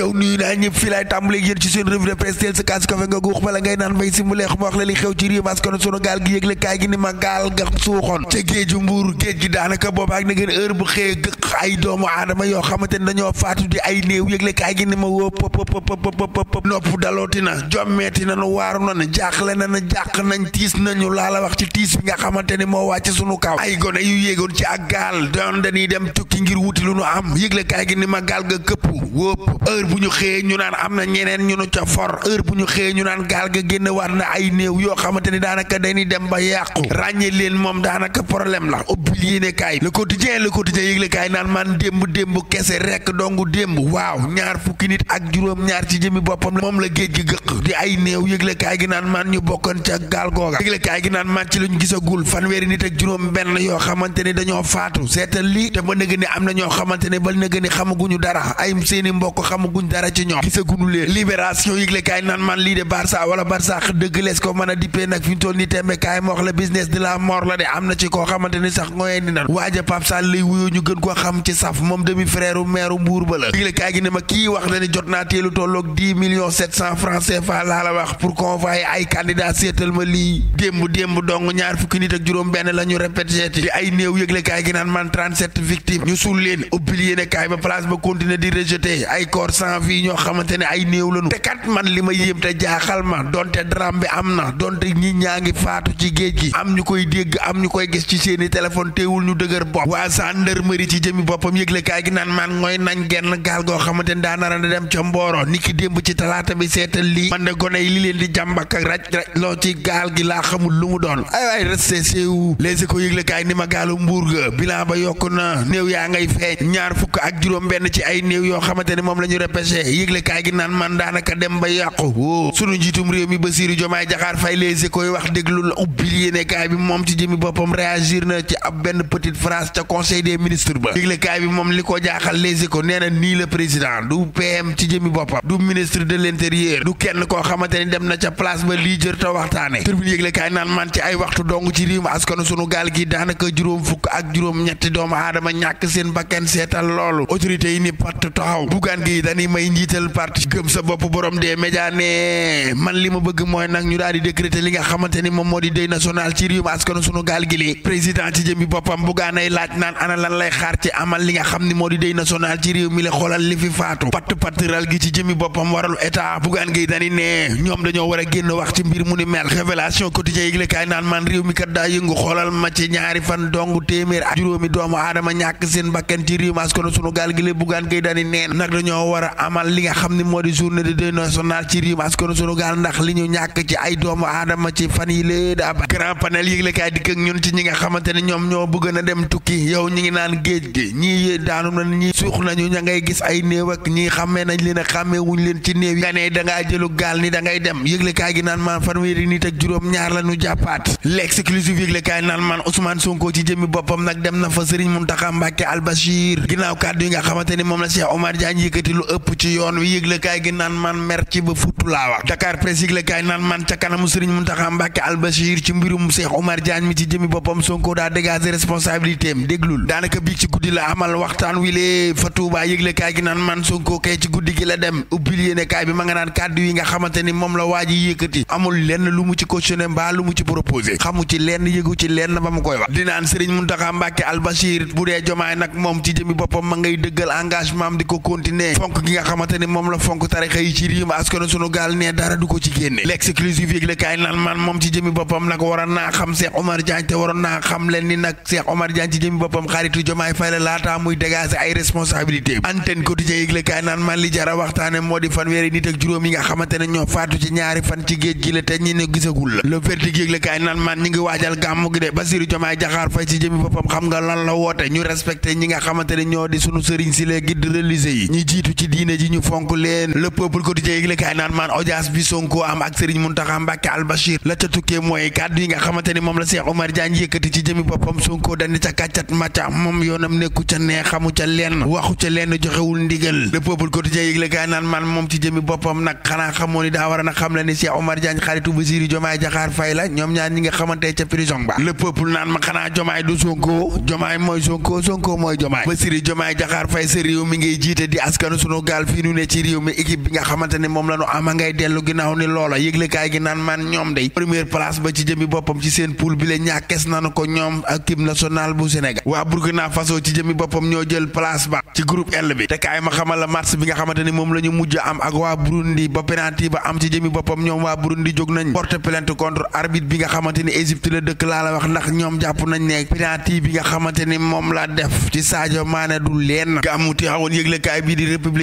yow nuyu naa ñëpp fi laay tàmbalee yéen ci seen revue de presse teel sa kaas kafe nga guux bala ngay naan bay si mu wax la li xew ci réew askan sunu gaal gi yëgle gi ni ma gaal nga suuxoon ca géeju mbuur géej gi daanaka boobaak na ngeen heure bu xëyee gëq ay doomu aadama yoo xamante ne dañoo faatu di ay néew yëgle kaay gi ni ma woo pëp pëp nopp dalooti na jommeeti na nu waaru na jaaxle na na jàq nañ tiis nañu laa la wax ci tiis bi nga xamante ni moo wàcc sunu kaw ay yu yéegoon ci ak gaal doon dañuy dem tukki ngir wuti lu nu am yëgle kaay gi ni ma gaal nga bu ñu xëyee ñu naan am na ñeneen ñu nu ca for heure bu ñu xëyee ñu naan gaal ga génn war na ay néew yoo xamante ni daanaka dañuy dem ba yàqu ràññee leen moom daanaka problème la ubbil yéenekaay le quotidien le quotidien yëglekaay naan man démb démb kese rekk dongu démb waaw ñaar fukki nit ak juróom ñaar ci jëmi boppam moom la géej gi ay néew yëglekaay gi naan man ñu bokkoon ca gaal googa yëglekaay gi naan man ci luñ gisagul fanweeri nit ak juróom benn yoo xamante ni dañoo faatu seetal lii te ba nëgg ni am na ñoo xamante ne ba nëgg ni xamaguñu dara ay seeni mbokk xamagu gisaguñ dara ci ñoom gisaguñu leen libération yëglekaay nan man lii de Barça wala Barsax dëgg lees ko mën a dippee nag fi ñu toll nii tembe kaay ma wax la business de la mort la de am na ci koo xamante sax ngoyee ni nan waaja Pape lay wuyoo ñu gën koo xam ci saf moom demi frère maire Mbour ba la yëglekaay gi ne ma kii wax na jot naa teelu tolloog 10 millions laa la wax pour convoyer ay candidat seetal ma lii démb démb dong ñaar fukki nit ak juróom benn la ñu répété ay néew yëglekaay sans vie ñoo xamante ne ay néew lañu te kat man li ma yéem te jaaxal ma donte drame bi am na donte ñi ñaa ngi faatu ci géej gi am ñu koy dégg am ñu koy gis ci seeni téléphone teewul ñu dëgër bopp waa gendarmerie ci jëmi boppam yëgle kaay gi naan man mooy nañ genn gaal goo xamante ne daa nara na dem ca Mboro niki démb ci talaata bi seetal li man de gone yi li leen di jàmbak ak raj raj loo ci gaal gi laa xamul lu mu doon ay waay resté seewu les ko ni ma gaalu mbuur ga bilan ba yokk na néew yaa ngay feeñ ñaar fukk ak dépêché yëgle kaay gi naan man daanaka dem ba yàqu woo sunu njiitum réew mi Bassirou Diomaye Diakhar Faye les échos koy wax déglul ubbil yéene kaay bi moom ci jëmmi boppam réagir na ci ab benn petite phrase ca conseil des ministres ba yëgle bi moom li ko jaaxal les ko nee na nii la président du PM ci jëmi boppam du ministre de l'intérieur du kenn koo xamante ni dem na ca place ba lii jër ta waxtaane turbine yëgle kaay naan man ci ay waxtu dong ci réew mi askanu sunu gaal gi daanaka juróom fukk ak juróom doomu aadama ñàkk seen bakkan seetal loolu autorité yi ni ni may njiital parti gëm sa bopp borom des médias ne man li ma bëgg mooy nag ñu daal di décréter li nga xamante ni moom moo di deuil national ci réewum askanu sunu gaal gi li président ci jëm bi boppam mi la xoolal li fi faatu patt pattiral gi ci jëmi boppam waralu état bu gaan ngay ne ñoom dañoo war a génn wax ci mbir mu ni mel révélation quotidien yëgle kaay naan man réew mi kat daa yëngu xoolal ma ci ñaari fan dong téeméer juróomi doomu aadama ñàkk seen bakkan ci réewum askanu sunu gaal gi a war a amal li nga xam ne moo di journée de deuil national ci réew askanu sunu gaal ndax li ñu ñàkk ci ay doomu aadama ci fan yi da ab grand panel yëglekaay dikk ñun ci ñi nga xamante ñoom ñoo bëgg na dem tukki yow ñi ngi naan géej gi ñii daanu na ñi suux nañu ña ngay gis ay néew ak ñi xammee nañ leen a xàmmee wuñ leen ci néew yi nga ne da ngaa jëlu gaal ni da dem yëglekaay gi naan maan fanweeri nit ak juróom ñaar la ñu jàppaat l'exclusif yëglekaay naan na fa Serigne Mountakha Mbacké Albachir ginnaaw kàddu yi nga xamante ni moom la Cheikh Omar ëpp ci yoon wi yëglekaay gi naan man mer ci laa wax Dakar Presse yëglekaay naan man ca kanamu Serigne Mountakha Mbacké Al Bachir ci mbirum Cheikh Oumar Diagne mi ci jëmi boppam Sonko daa dégager responsabilité am déglul bii ci guddi la amal waxtaan wi lee fa Touba yëglekaay gi naan man Sonko kay ci guddi gi la dem ubbil yéenekaay bi ma kàddu yi nga xamante ni moom la waa ji yëkkati amul lenn lu mu ci cautionné mbaa lu xamu ci lenn yëgu ci lenn ba mu koy wax dinaan Serigne Mountakha Mbacké Al Bachir bu dee jomaay nag moom ci jëmi boppam ma ngay dëggal engagement di ko continuer fonk gi nga xamante ni moom la fonk tarixa yi ci riim askanu sunu gaal ne dara du ko ci génne l'exclusif naan man moom ci jëmi boppam nag waroon naa xam Cheikh Omar Diagne te waroon naa xam ni nag Cheikh Omar Diagne ci jëmi boppam xaritu Diomaye Faye la laata muy dégager ay responsabilité antenne quotidien yëgle kaay naan man li jara waxtaane moo di fanweeri nit ak juróom yi nga xamante ñoo faatu ci ñaari fan ci géej gi la te ñi ne gisagul la le verdict yëgle diine ji ñu fonk leen le peuple naan maan la ca moom la Cheikh Oumar Diagne yëkkati ci jëmi boppam Sonko dañ ca kàccat maca moom yoonam nekku ca nee xamu ca lenn waxu xanaa xamoo ni daa war a na xam la ni Cheikh Oumar Diagne xaritu Bassirou Diomaye Diakhar Faye la ñoom ñaar ñi nga xamante ca prison ba le naan ma xanaa Diomaye du Sonko Diomaye mooy Sonko Sonko mooy Diomaye Bassirou Diomaye Diakhar Faye sa réew ngay jiite di askanu sunu Portugal fii nu ne ci réew mi équipe bi nga xamante moom la ñu ama ngay dellu ginnaaw ni loola yëglekaay gi naan man ñoom day première place ba ci jëmi boppam ci seen poule bi la ñàkkes nanu ko ñoom ak équipe nationale bu Sénégal waa Burkina Faso ci jëmi boppam ñoo jël place ba ci groupe L bi te kaay ma xamal la bi nga xamante moom la mujj am ak waa Burundi ba penalty ba am ci jëmi boppam ñoom waa Burundi jóg nañ porte plainte contre arbitre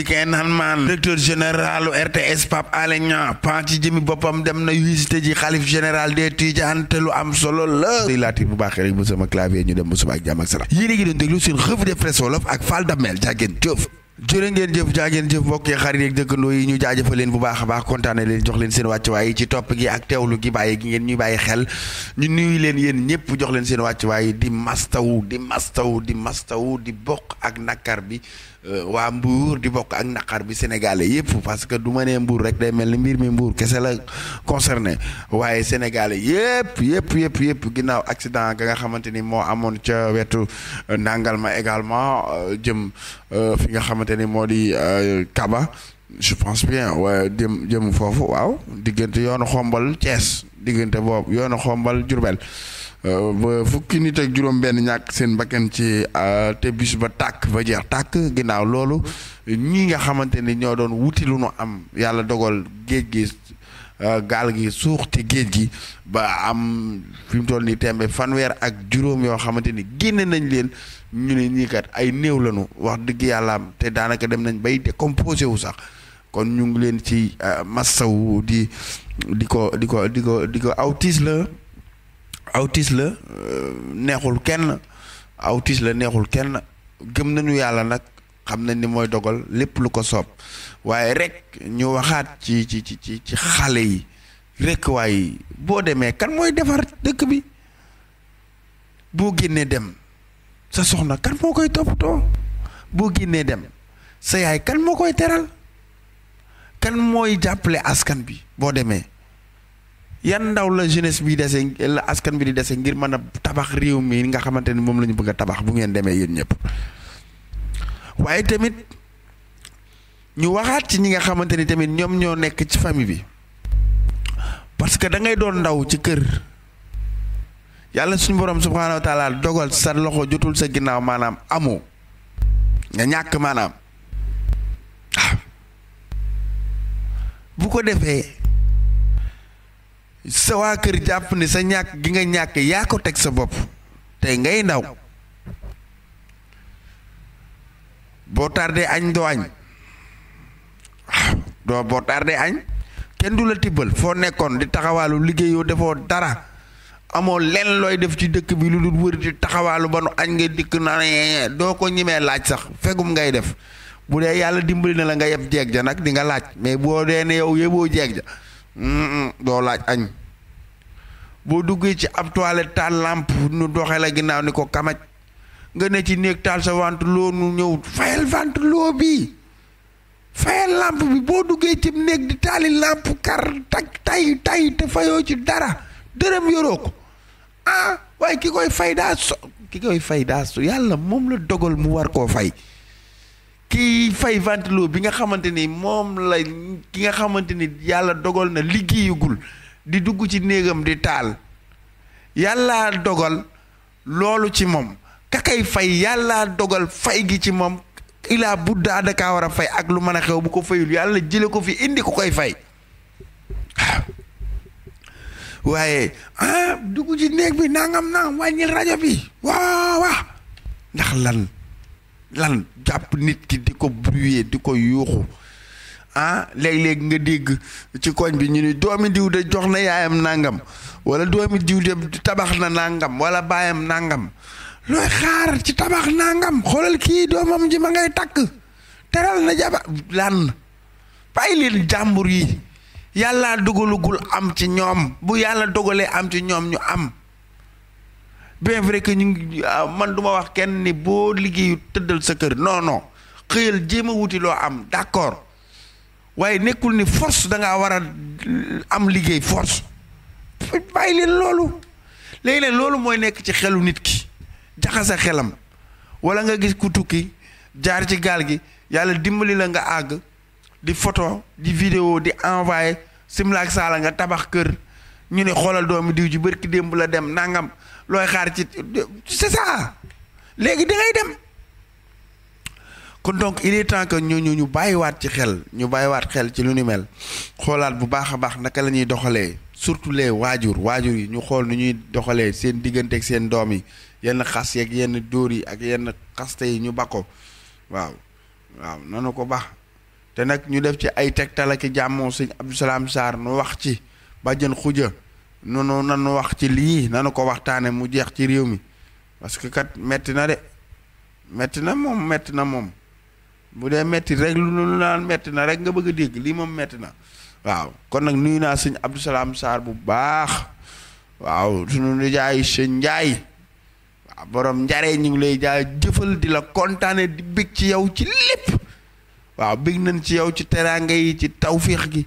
Quotidien naan maan directeur général RTS Pape Alé Niang pan ci jëmi boppam dem na visite ji xalif général des Tidianes te lu am solo la di laati bu baaxee rek bu sama clavier ñu dem bu suba ak jàmm ak salaam yéen a ngi doon déglu seen revue de presse wolof ak Fall Damel jàggeen jëf jërë ngeen jëf jaageen jëf mbokk yi xarit yeeg yi ñu jaajëfa leen bu baax a baax kontaane leen jox leen seen wàccuwaay ci topp gi ak teewlu gi bàyyi gi ngeen ñuy bàyyi xel ñu nuyu leen yéen ñëpp jox leen seen wàccuwaay di mastawu di mastawu di mastawu di bokk ak nakar bi Euh, waa Mbour di bokk ak naqar bi sénégalais yëpp parce que du ma nee Mbour rek day mel ni mbir mi Mbour kese la concerné waaye sénégalais yëpp yëpp yëpp yëpp ginnaaw accident ga nga xamante ni moo amoon ca wetu euh, nangal ma également euh, jëm fi nga xamante ni moo di Kaba je pense bien waaye jëm jëm foofu waaw diggante yoonu xombal Thiès diggante boobu yoonu xombal Jurbel euh, ba fukki nit ak juróom-benn ñàkk seen bakkan ci euh, te bis ba tàkk ba jeex tàkk ginnaaw loolu ñi nga xamante ni ñoo doon wuti lu nu am yàlla dogal géej gi euh, gaal gi suux ci géej gi ba am fi mu toll nii tembe fanweer ak juróom yoo xamante ni génne nañ leen ñu ne ñii kat ay néew lañu wax dëgg yàlla am te daanaka dem nañ bay décomposé wu sax. kon ñu ngi leen ci euh, massaw di di ko di ko di ko di ko autis la autis la euh, neexul kenn autis la neexul kenn gëm nañu yàlla nag xam na ni mooy dogal lépp lu ko soob waaye rekk ñu waxaat ci ci ci ci ci xale yi rek waaye boo demee kan mooy defar dëkk bi boo génnee dem sa soxna kan moo koy toppatoo boo génnee dem sa yaay kan moo koy teral kan mooy jàppale askan bi boo demee yan ndaw la jeunesse bi dese la askan bi di dese ngir mën a tabax réew mi nga xamante ni moom lañu bëgg a tabax bu ngeen demee yéen ñëpp waaye tamit ñu waxaat ci ñi nga xamante ni tamit ñoom ñoo nekk ci famille bi parce que da ngay doon ndaw ci kër yàlla suñu borom subhaanahu wa taala dogal sa loxo jotul sa ginnaaw maanaam amoo nga ñàkk maanaam. bu ko defee sa waa kër jàpp ni sa ñàkk gi nga ñàkk yaa ko teg sa bopp tey ngay ndaw boo tardee añ doo añ ah, doo boo tardee añ kenn du la tibbal foo nekkoon di taxawaalu liggéeyoo defoo dara amoon lenn looy def ci dëkk bi lu dul wër taxawaalu ba nu añ nga dikk na eh, eh, doo ko ñimee laaj sax fegum ngay def bu dee yàlla dimbali na la nga yeb jeeg ja nag di nga laaj mais boo dee ne yow yeboo jeeg ja doo laaj añ boo duggee ci ab toilette taal lampe nu doxee la ginnaaw ni ko kamaj nga ne ci néeg taal sa ventilo nu ñëw fayal ventilo bi fayal lampe bi boo duggee ci néeg di taali lampe kar tak tay tay te fayoo ci dara dërëm yoroo ko ah waaye ki koy fay daa so ki koy fay daa so yàlla moom la dogal mu war koo fay kii fay ventilo bi nga xamante ni moom la ki nga xamante ni yàlla dogal na liggéeyugul di dugg ci néegam di taal yàlla dogal loolu ci moom kakay fay yàlla dogal fay gi ci moom ilaa budda dakaa war a fay ak lu mën a xew bu ko fayul yàlla jële ko fi indi ko koy fay waaye ah, dugg ci néeg bi nangam nangam wàññil rajo bi waaw ndax lan lan jàpp nit ki di ko bruyer di ko yuuxu ah léeg-léeg nga dégg ci koñ bi ñu ni doomi diw de jox na yaayam nàngam wala doomi diw de tabax na nàngam wala baayam nàngam looy xaar ci tabax nàngam xoolal kii doomam ji ma ngay takk teral na jaba lan bàyyi leen jàmbur yi yàlla dogalugul am ci ñoom bu yàlla dogalee am ci ñoom ñu am bien vrai que ñu ngi ah, man du ma wax kenn ni boo liggéeyu tëddal sa kër non non xëyal jéem a wuti loo am d'accord waaye nekkul ni force danga ngaa war a mm, am liggéey force bàyyi loolu léegi leen loolu mooy nekk ci xelu nit ki jaxase xelam wala nga gis ku tukki jaar ci gaal gi yàlla dimbali la nga àgg di photo di vidéo di envoyé simlaak saala nga tabax kër ñu ne xoolal doomi diw ji bërki démb la dem nangam looy xaar ci c'est ça léegi da dem kon donc il est ñu ñu bàyyiwaat ci xel ñu bàyyiwaat xel ci lu ni mel xoolaat bu baax a baax naka la ñuy doxalee surtout les waajur waajur yi ñu xool nu ñuy doxalee seen diggante ak seen doom yi yenn xas yeeg yenn dóor yi ak yenn xaste yi ñu bakko waaw waaw nanu ko baax te nag ñu def ci ay tegtal ak jàmmoo sëñ Abdou Salam Sarr nu wax ci bàjjen xuja nunu nanu wax ci lii nanu ko waxtaane mu jeex ci réew mi parce que kat metti na de metti na moom metti na moom bu dee metti rek lu lu naan metti na rek nga bëgg a dégg lii moom metti na waaw kon nag nuyu naa sëñ Abdou Salaam Sarr bu baax waaw sunu jaay sëñ Njaay waaw borom njaree ñu ngi lay jaay jëfal di la kontaane di bég ci yow ci lépp waaw bég nañ ci yow ci teraanga yi ci tawfiix gi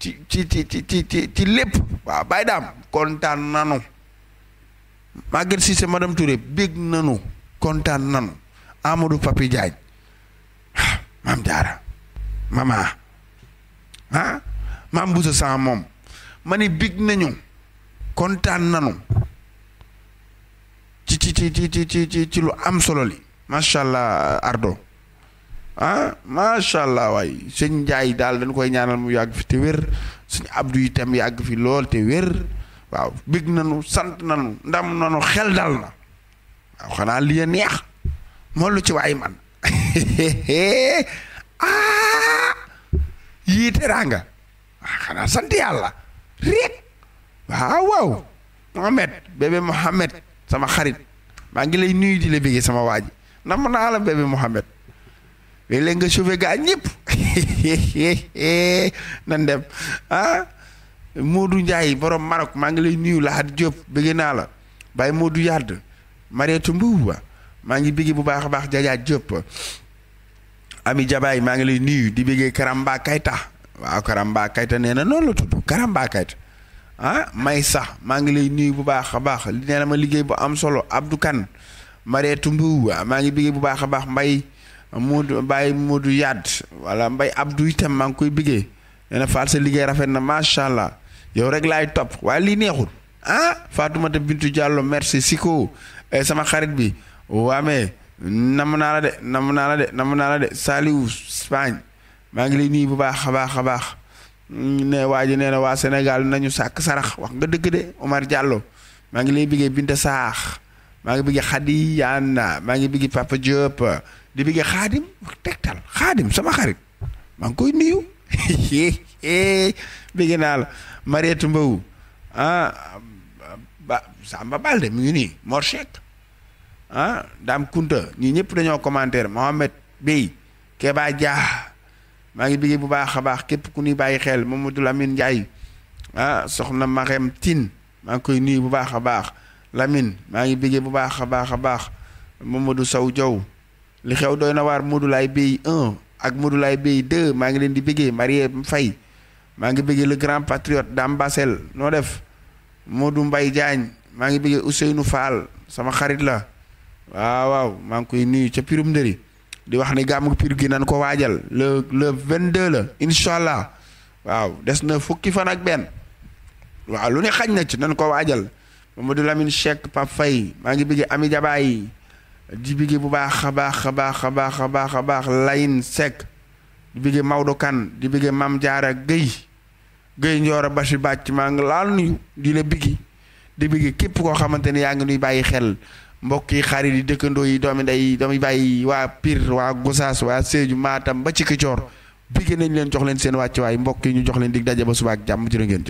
ci ci ci ci lépp waaw bàyyi daam kontaan nanu Maguette Cissé madame Touré bég nanu kontaan nanu Amadou Papi Diagne ah, maam jaara mama ah maam busa sa moom mani ni nañu kontaan nanu ci ci ci ci ci ci ci lu am solo li macha allah ardo ah macha allah waay sëñ Ndiaye daal dañ koy ñaanal mu yàgg fi te wér sëñ Abdou itam yàgg fi lool te wér waaw bég nañu sant nañu ndam nanu xel dal na waaw xanaa li neex moo lu ci waay man ah yii teraanga ah, waaw waaw Mohamed bébé Mohamed sama xarit maa ngi lay nuyu di la béggee sama waa ji nam naa la bébé Mohamed léeg-léeg nga sauvé gaa ñëpp nan dem ah Modou borom marok maa ngi lay nuyu Lahad Diop bëgg naa la bay Baye Modou Yard Mariétou Mbuuba maa ngi bëgg bu baax a baax Jaja Diop Ami Jabaay maa ngi lay nuyu di bëggee Karamba Kayta waaw Karamba Kayta nee na noonu la tudd Karamba Kayta ah, may sax maa ngi lay nuyu bu baax a baax nee na ma liggéey bu am solo Abdou Kane Mariétou Mbuuba maa ngi bëgg bu baax a baax mbay Moodu Baye Moodu Yadd wala Mbaye Abdou itam maa ngi koy biggee nee na sa liggéey rafet na macha allah yow rek laay topp waaye lii neexul ah Fatoumata Bintu Diallo merci Siko eh, sama xarit bi waame nam naa la de nam naa la de nam naa la Saliou Espagne maa ngi lay nii bu baax a baax a baax ne waa ji nee waa senegal nañu sàkk sarax wax nga dëgg de Omar Diallo maa ngi lay biggee Binta Saax maa ngi biggee Khady Yana maa ngi biggee Papa Diop. di bëggee xaadim tegtal xaadim sama xarit maa ngi koy nuyu bëggee naa la Mariette Mbow ah mu ngi nii Mor Cheikh ah ñii ñëpp dañoo commentaire Mohamed Bey Keba Dia maa ngi bëggee bu baax a baax képp ku ñuy bàyyi xel Mamadou Lamine Ndiaye ah soxna Marème Tine maa ngi koy nuyu bu baax a baax Lamine maa ngi bëggee bu baax a baax a baax moom Mamadou Sow jow li xew doy na waar Modou Laye BI 1 ak Modou Laye BI 2 maa ngi leen di bëggee Marie fay maa ngi bëggee la grand patriote dam Bassel noo def Modou mbay Diagne maa ngi bëggee Ousseynou Fall sama xarit la waaw waaw maa ngi koy nuyu ca pirum ndëri di wax ni gàmmu pir gi nan ko waajal le le deux la incha allah waaw des na fukki fan ak benn waaw lu ne xañ na ci nan ko waajal Mamadou Lamine Cheikh Pape Faye maa ngi bëggee Ami Jabaay di bëggee bu baax a baax a baax a baax a baax a baax Layin Seck di bëggee Maodo Kane di bëggee Mame Diarra Guèye Guèye Ndioro Basi Bàcc maa ngi laal nuyu di la bëgg di bëgg képp koo xamante ne yaa ngi nuy bàyyi xel mbokk yi xarit yi dëkkandoo yi doomi day doomi bàyyi waa Pire waa Gosaas waa Sédhiou Matam ba ci Kicoor bëgg nañ leen jox leen seen wàccuwaay mbokk yi ñu jox leen dig daje ba suba ak jàmm jërë ngeen